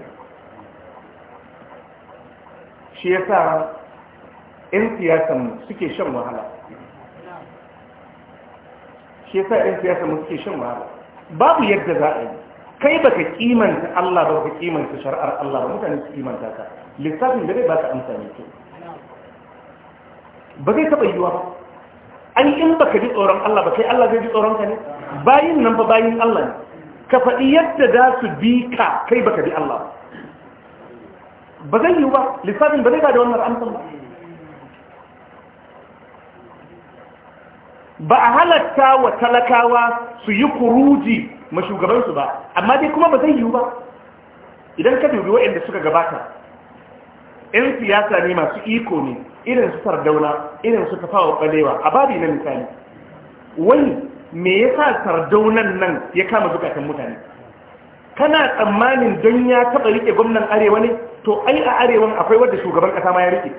shi ya sa 'yan siyasanmu suke shan wahala shi ya sa 'yan siyasanmu suke shan wahala babu yadda za a yi kai ba ka kimanta Allah ba ka kimanta shari'ar Allah ba mutane su kimanta ka lissafin da zai ba ka amsa ne ke ba zai taɓa yiwa ba an in ba ka ji tsoron Allah ba kai Allah zai ji tsoron ka ne bayin nan ba bayin Allah ka faɗi yadda za su bi ka kai baka bi Allah ba zai yi ba lissafin ba zai da wannan amsan ba ba a halatta wa talakawa su yi kuruji ma shugabansu ba amma dai kuma ba zai yi ba idan ka dubi waɗanda suka gabata 'yan siyasa ne masu iko ne irin su sardauna irin su tafawa ɓalewa a babi na misali wani me sa sardaunan nan ya kama zukatan mutane kana tsammanin don ya taba rike gwamnan arewa ne to ai a arewan akwai wadda shugaban kasa ma ya rike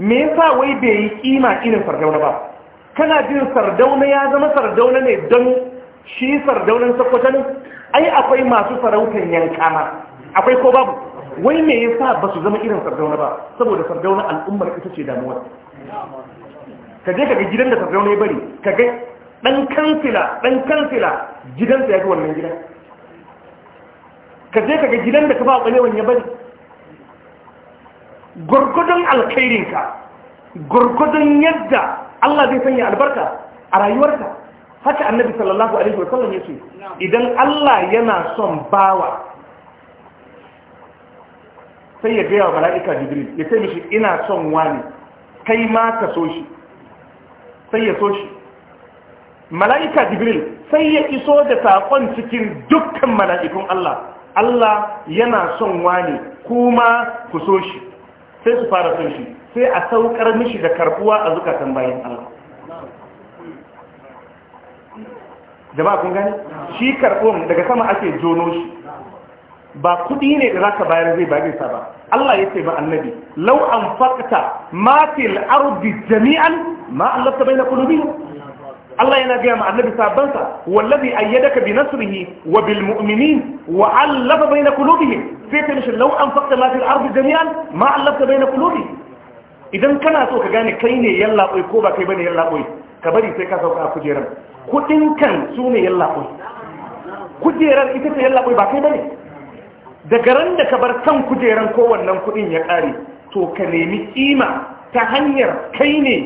me yasa wai bai yi kima irin sardauna ba kana jin sardauna ya zama sardauna ne don shi sardaunan sakwata ne ai akwai masu sarautan ma akwai ko babu wai me yasa ba su zama irin sardauna ba saboda sardauna al'ummar ita ce damuwa ka je ka ga gidan da sardauna ya bari ka ga ɗan kansila ɗan kansila gidansa ya fi wannan gidan ka je kaga gidan da ka ba ɓalewan ya bari gwargwadon alkhairinka gwargwadon yadda Allah zai sanya albarka a rayuwarka haka annabi sallallahu alaihi wasallam ya ce idan Allah yana son bawa sai ya gaya wa mala'ika jibril ya ce mishi ina son wani kai ma ka so shi sai ya so shi mala'ika jibril sai ya iso da saƙon cikin dukkan mala'ikun Allah Allah yana son wani kuma ku so shi sai su fara son shi sai a saukar mishi da karbuwa a zukatan bayan Allah jama'a kun gani shi karbuwan daga sama ake jono shi ba kudi ne da zaka bayar zai bayar sa ba Allah ya ce ba annabi lau'an anfaqta ma fil jami'an ma allafta na qulubihim Allah yana gaya ma annabi sabansa wallazi ayyadaka bi nasrihi wa bil mu'minin wa allafa baina qulubihim sai ta mishi law anfaqta ma fil ardi jami'an ma allafta baina qulubihim idan kana so ka gane kai ne yalla koi ko ba kai bane yalla koi ka bari sai ka sauka a kujerar kudin kan su ne yalla koi kujerar ita ce yalla koi ba kai bane daga ran da ka bar kan kujeran kowannan kudin ya kare to ka nemi kima ta hanyar kai ne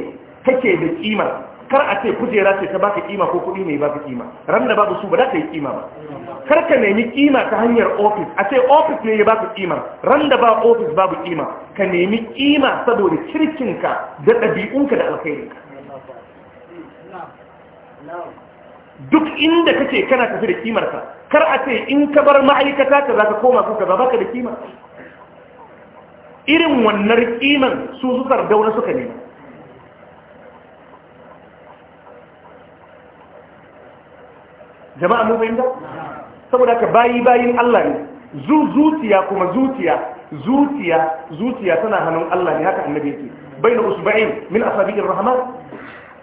kake da kimar kar a ce kujera ce ta baka kima ko kudi ne baka kima ran da babu su ba za ka yi kima ba kar ka nemi kima ta hanyar ofis a ce ofis ne ya baka kima ran da ba ofis babu kima ka nemi kima saboda kirkinka da ɗabi'unka da alkhairinka duk inda kake kana tafi da kimarka kar a ce in ka bar ma'aikata ka za ka koma ko ka baka da kima irin wannan kiman su su dauna suka nema jama'a mu da? saboda ka bayi bayin Allah ne zuciya kuma zuciya zuciya zuciya tana hannun Allah ne haka annabi yake baina usba'in min asabi'ir rahman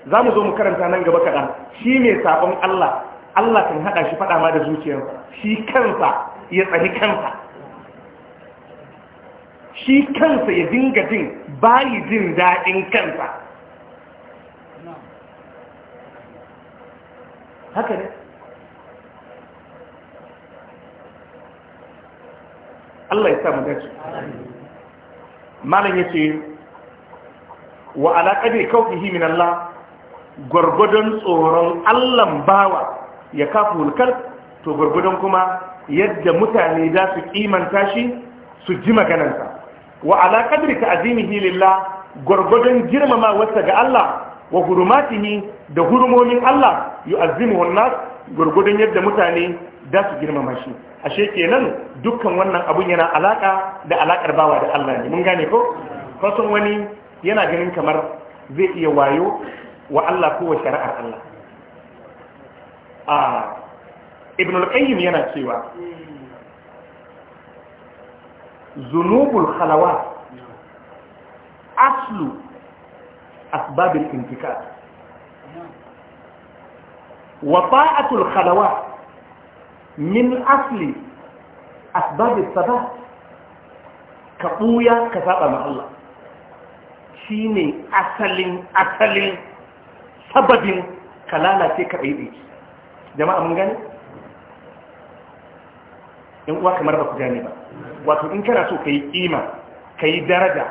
zamu zo mu karanta nan gaba kadan shi ne sabon Allah Allah kan hada shi fada ma da zuciyarsa shi kansa ya tsari kansa shi kansa ya dinga jin bayi jin daɗin kansa haka ne Allah ya samu dace malam yace wa ala qadri kawfihi min Allah gwargwadon tsoron allahn bawa ya kafu hulkar to gwargwadon kuma yadda mutane za su kimanta shi su ji maganarsa wa ala ka ta'zimihi lillah gwargwadon girmama wasa ga Allah wa hurumatini da hurumomin Allah yu'azzimuhu an wannan gwargwadon yadda mutane da su girmama shi ashe kenan dukkan wannan abun yana alaka da alakar bawa da Allah ne mun gane ko kasan wani yana ganin kamar zai iya wayo wa Allah ko wa shari'ar Allah a ibn al-qayyim yana cewa zunubul khalawa aslu asbab intikal wa ta'atul khalawa min asli asbabin sabat ka ɓuya ka saba ma Allah shi ne asalin asalin sababin ka lalace ka ɗaiɗe jama'a mun gani? in uwa kamar ba ku gane ba wato in kana so ka yi ƙima ka yi daraja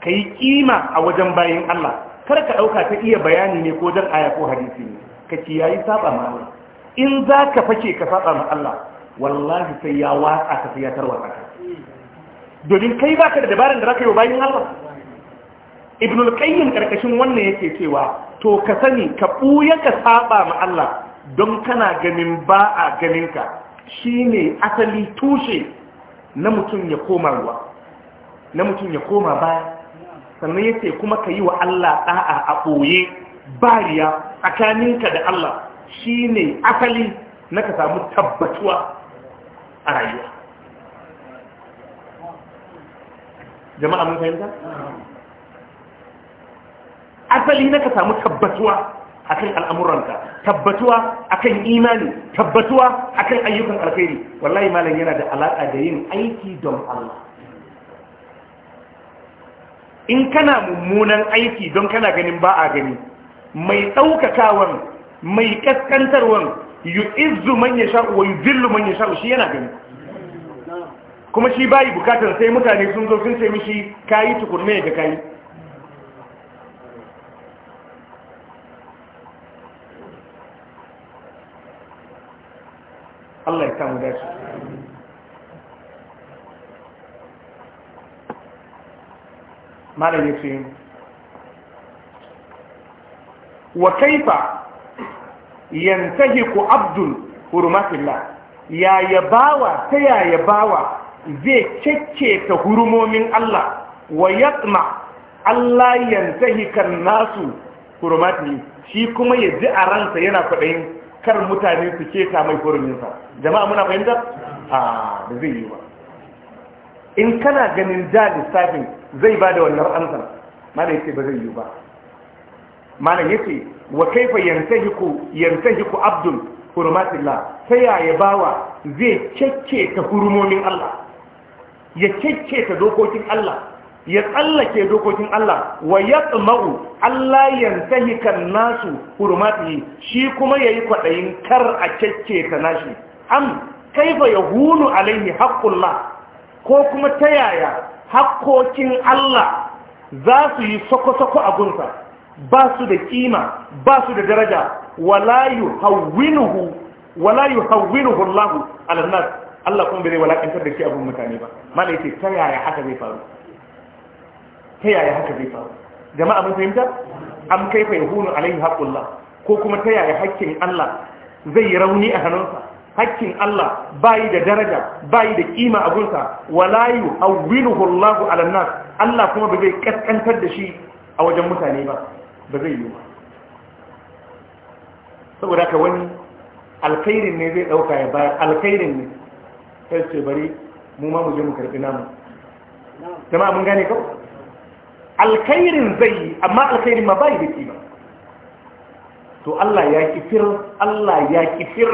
ka yi ƙima a wajen bayan Allah kar ka ɗauka ta iya bayani ne ko jan aya ko hadisi ne ka kiyayi saba ma Allah in za ka fake ka saba ma Allah wallahi sai ya watsa ka sai ya tarwata ka domin kai baka da dabarar da zaka yi bayan Allah ibnul qayyim karkashin wannan yake cewa to ka sani ka buya ka saba ma Allah don kana ganin ba a ganin ka shine asali tushe na mutum ya koma ruwa na mutum ya koma baya sannan yace kuma ka yi wa Allah da'a a boye bariya tsakaninka da Allah shi ne asali na ka samu tabbatuwa a rayuwa jama'a mun fahimta? asali na ka samu tabbatuwa akan al'amuranka tabbatuwa kan imani tabbatuwa akan ayyukan alkhairi wallahi malam yana da alaƙa da yin aiki don Allah in kana mummunan aiki don kana ganin ba a gani mai ɗaukakawan mai kaskantarwan yu'izzu man sha'u wa yudhillu man sha'u shi yana gani kuma shi bayi bukatar sai mutane sun zo sun ce mishi kayi tukurme ga kayi Allah ya samu dace malam ce wa kaifa yantahiku Abdul hurumatillah yaya bawa ta yayabawa bawa zai ta hurumomin Allah wa yatma Allah yantahikan nasu hurumati shi kuma ya ji a ransa yana kwaɗayin kar mutane su keta mai huruminsa jama'a muna fahimtar a da zai yi ba in kana ganin da lissafin zai ba da wannan amsar ma da yake ba zai yi ba malam yace wa kaifa yantahiku yantahiku abdun hurumatillah sai ya bawa zai cecce ta hurumomin Allah ya cecce ta dokokin Allah ya tsallake dokokin Allah wa ya Allah yantahikan nasu hurumatihi shi kuma yayi kwadayin kar a cecce ta nashi am kaifa yahunu alaihi haqqullah ko kuma ta yaya haƙƙokin Allah za su yi sako-sako a gunsa ba su da kima ba su da daraja walayu yuhawwinuhu wala yuhawwinuhu Allah ala Allah kuma bai walakantar da shi abun mutane ba mala yace ta yaya haka zai faru ta yaya haka zai faru jama'a mun fahimta An kaifa yahunu alaihi haqqullah ko kuma ta yaya hakkin Allah zai yi rauni a hannunsa hakkin Allah bayi da daraja bayi da kima a gunsa walayu yuhawwinuhu Allah alannas Allah kuma bai kaskantar da shi a wajen mutane ba ba zai yi ba saboda ka wani alkhairin ne zai ɗauka ya bayar alkhairin ne sai ce bari mu ma mu je mu karɓi namu jama'a mun gane kawo alkhairin zai yi amma alkhairin ma bai da kima to Allah ya kifir Allah ya kifir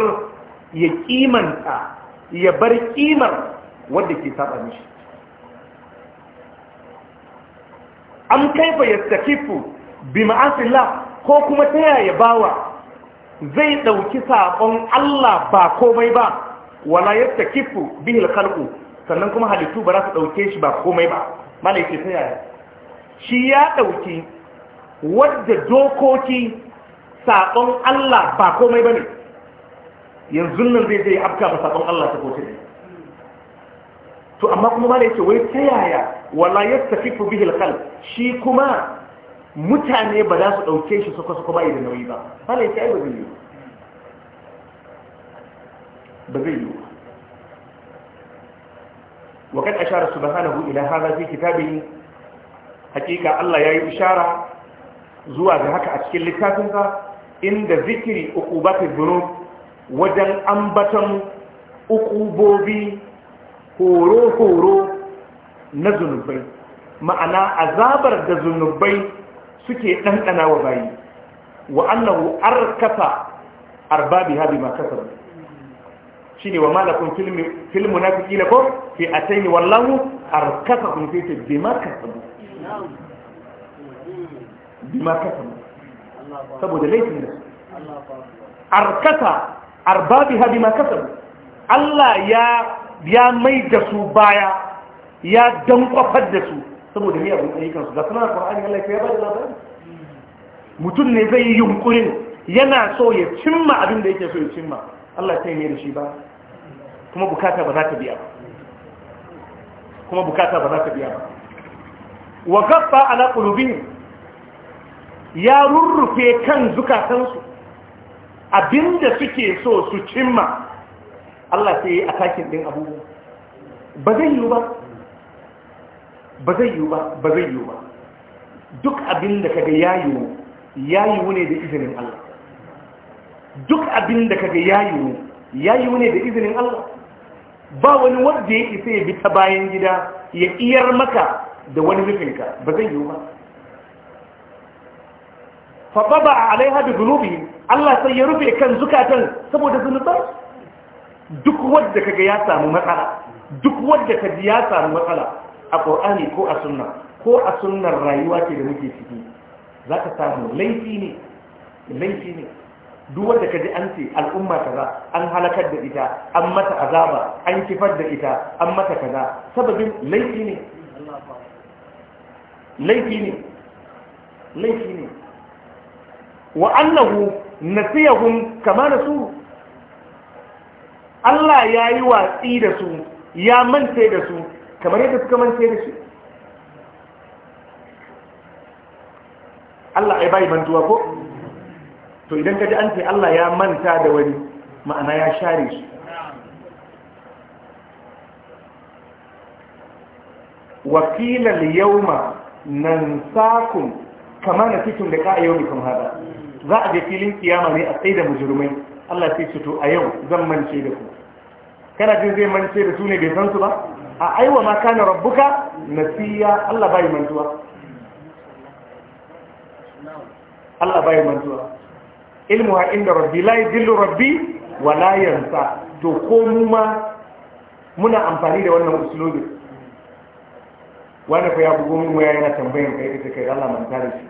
ya kimanta ya bar kimar wanda ke saba mishi an kaifa yastakifu bi ma'asillah ko kuma ta yaya bawa zai ɗauki saƙon Allah ba komai ba wala yadda kifu bihil kalku sannan kuma halittu ba za su ɗauke shi ba komai ba mana yake ta yaya shi ya ɗauki wadda dokoki saƙon Allah ba komai ba ne yanzu nan zai zai abka ba saƙon Allah ta kotu ne to amma kuma mana yake wai ta yaya wala yadda kifu bihil kalku shi kuma mutane ba za su ɗauke shi suka-suka ba da nauyi ba hala ai ba zai yi ba zai yi wa kan ashara subhanahu ila hada fi kitabihi hakika Allah yayi ishara zuwa ga haka a cikin littafinsa inda zikiri uqubati dhunub wajen ambatan uqubobi horo horo na zunubai ma'ana azabar da zunubai suke ɗanɗana wa bayi wa annahu kafa. arbabi habi ma kasar ne wa malakun fil munafiqina ko fi ataini wallahu arkasahum fi bima bi. bima kasabu saboda laifin da arkasa arbabiha bima kasar. Allah ya ya mai da su baya ya dankwafar da su saboda ne abin ayyukan su ga suna Qur'ani Allah ya bada labarin. mutum ne zai yi yunkurin yana so ya cimma abin da yake so ya cimma Allah ya ne da shi ba kuma bukata ba za ta biya kuma bukata ba za ta biya wa gaffa ala qulubihim ya rurrufe kan zukatansu abinda suke so su cimma Allah sai ya yi atakin din abubuwa ba zai yi ba ba zai yiwu ba ba zai yiwu ba duk abin da kaga ya yiwu ya yiwu ne da izinin Allah duk abin da kaga ya yiwu ya yiwu ne da izinin Allah ba wani wanda ya isa ya bi ta bayan gida ya iyar maka da wani nufinka ba zai yiwu ba fa a alaiha da dhunubi Allah sai ya rufe kan zukatan saboda zunubai duk wadda kaga ya samu matsala duk wadda kaji ya samu matsala a ƙor'ani ko a sunna ko a sunnar rayuwa ce da muke ciki za ka samu laifi ne laifi ne duk ka ji an ce al'umma kaza an halakar da ita an mata azaba an kifar da ita an mata kaza sababin laifi ne laifi ne laifi ne wa annahu nasiyahum kama da su? Allah ya yi watsi da su ya manta da su kamar yadda suka mance da shi Allah ai bai mantuwa ko to idan ka ji an ce Allah ya manta da wani ma'ana ya share shi Wakilal yauma nan sakun kama na cikin da ka'a yau kuma haɗa, za a je filin kiyama ne a tsaye da mujurmai Allah sai su to a yau zan mance da ku kana jin zai mance da su ne bai san su ba a aiwa ma kana rabbuka nasiya Allah bai mantuwa Allah bai mantuwa ilmu ha inda rabbi la yadillu rabbi wa la yansa to ko mu ma muna amfani da wannan usulobi wanda ko ya bugo mu ya yana tambayan kai ita kai Allah manta da shi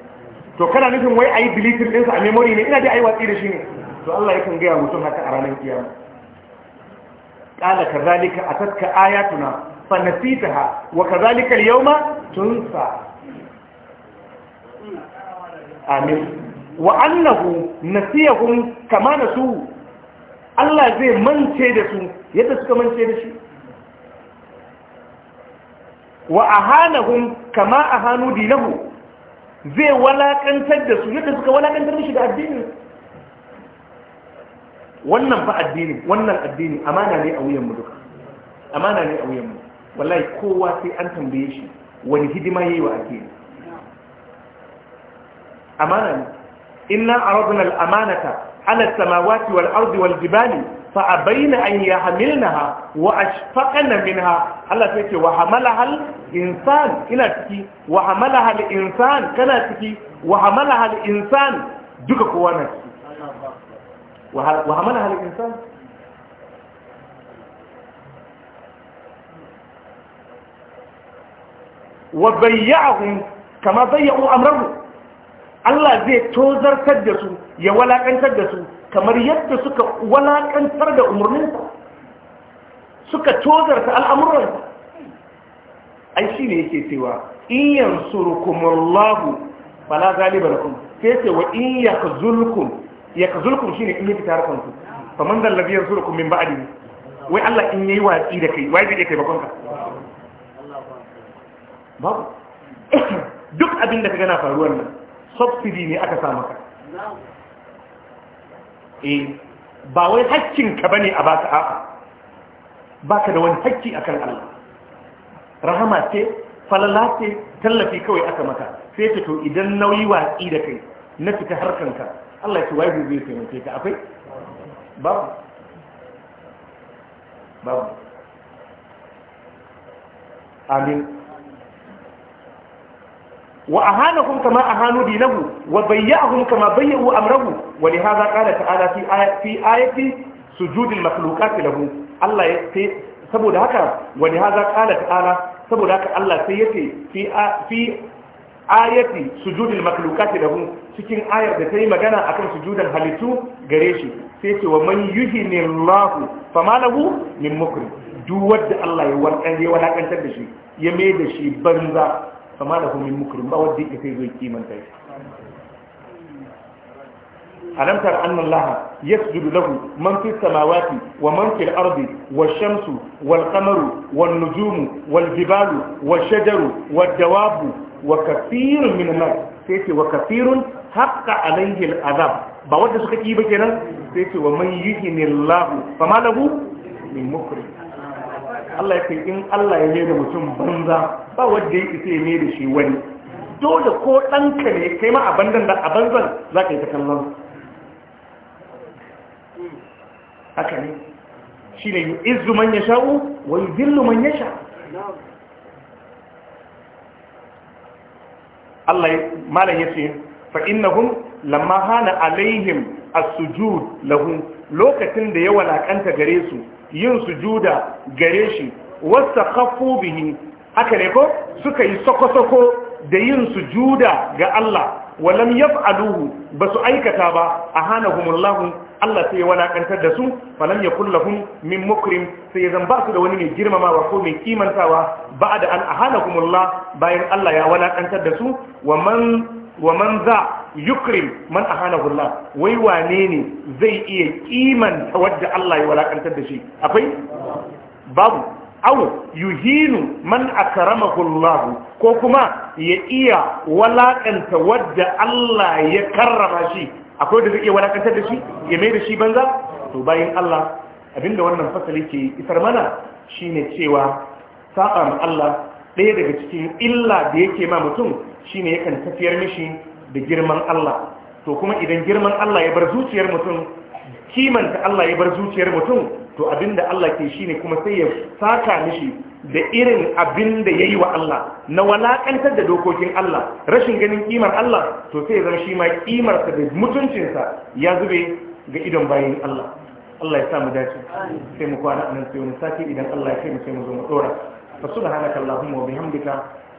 to kana nufin wai ayi deleting din sa a memory ne ina da ayi watsi da shi ne to Allah yakan ga mutum haka a ranar kiyama qala kadhalika atatka ayatuna fa nasitaha wa yau ma tun sa. amin wa annahu nasiyahum kama su Allah zai mance da su yadda suka mance da shi wa ahanahum kama a ahanu dinahu zai walakantar da su yadda suka walakantar da shi da addinin wannan fa addini wannan addini amana ne a wuyan mu duka amana ne a wuyan mu wallahi kowa sai an tambaye shi wani hidima yi wa ake amana ne inna aradna al-amanata ala samawati wal ardi wal jibali fa abaina an yahmilnaha wa ashfaqna minha Allah sai wa hamalaha al-insan ina ciki wa hamalaha al-insan kana ciki wa hamalaha al-insan duka kowa na ciki wa hamalaha al-insan wa bayya'ahum kama bayya'u amrahu Allah zai tozartar da su ya walakantar da su kamar yadda suka walakantar da umarninsa suka tozarta al'amuran. ai shine ne yake cewa in yansurukumullahu fala galiba lakum sai ce wa in yakzulkum yakzulkum shine in yake tare kanku faman dal ladhi yansurukum min ba'di wai Allah in yayi watsi da kai wai zai kai bakonka babu duk abin da ka gana faruwar nan subsidi ne aka sa maka eh ba wai hakkin ka bane a baka a baka da wani hakki akan Allah rahama ce falala ce tallafi kawai aka maka sai ta to idan nauyi watsi da kai na fita ka, Allah ya wai zai taimake ka akwai babu babu amin wa a ahanahum a hannu dinahu wa bayya'ahum kama bayya'u amrahu wa li hadha qala ta'ala fi fi ayati sujud al makhluqat lahu Allah ya saboda haka wa li hadha qala ta'ala saboda haka Allah sai yake fi fi ayati sujud al makhluqat lahu cikin ayar da ta yi magana akan sujudan halittu gare shi sai ce wa man yuhini Allah fa ma lahu min mukrim duk wanda Allah ya wanka ya da shi ya maida da shi banza fama da hukumin mukrim ba wanda yake sai zai kimanta shi alam tara anna allah yasjudu lahu man fi samawati wa man fil ardi wa shamsu wal-qamaru wan-nujumu wal-jibalu wash-shajaru wad-dawabu wa kathirun min an-nas sai ce wa kathirun haqqa alayhi al-azab ba wanda suka ki ba kenan sai ce wa man yuhinillahu fama lahu min mukrim Allah ya ce in Allah ya da mutum banza ba wanda ya isa ya da shi wani dole ko ɗanka ne kai ma a bandan da a banzan za ka yi ta kallon haka ne shi ne izu man ya sha'u wai zillu man ya sha Allah malam ya ce fa innahum lamma hana alaihim as-sujud lahu lokacin da ya walakanta gare su yin sujuda gare shi wasta kafu aka haka ne ko suka yi sako-sako da yin sujuda ga Allah walam yaf'aluhu basu aikata ba ahanahumullahu Allah sai ya walakantar da su falam yakul lahum min mukrim sai ya zamba su da wani mai girmamawa ko mai kimantawa ba'da an ahanahumullah bayan Allah ya walakantar da su wa man wa man za yukrim man ahanahu Allah wai wane ne zai iya ƙimanta wadda Allah ya walakantar da shi akwai babu aw yuhinu man akramahu Allah ko kuma ya iya walakanta wadda Allah ya karrama shi akwai da zai iya walakantar da shi ya mai da shi banza to bayan Allah abinda wannan fasali ke isar mana shine cewa sa'a Allah ɗaya daga cikin illa da yake ma mutum Shi shine yakan tafiyar mishi da girman Allah to kuma idan girman Allah ya bar zuciyar mutum kimanta Allah ya bar zuciyar mutum to abinda Allah ke shi ne kuma sai ya saka mishi da irin abin da ya yi wa Allah na walakantar da dokokin Allah rashin ganin kimar Allah to sai zama shi ma kimarsa da mutuncinsa ya zube ga idon bayan Allah Allah ya sa mu dace sai mu kwana nan sai mu sake, idan Allah ya kai mu sai mu zo mu dora fa subhanaka allahumma wa bihamdika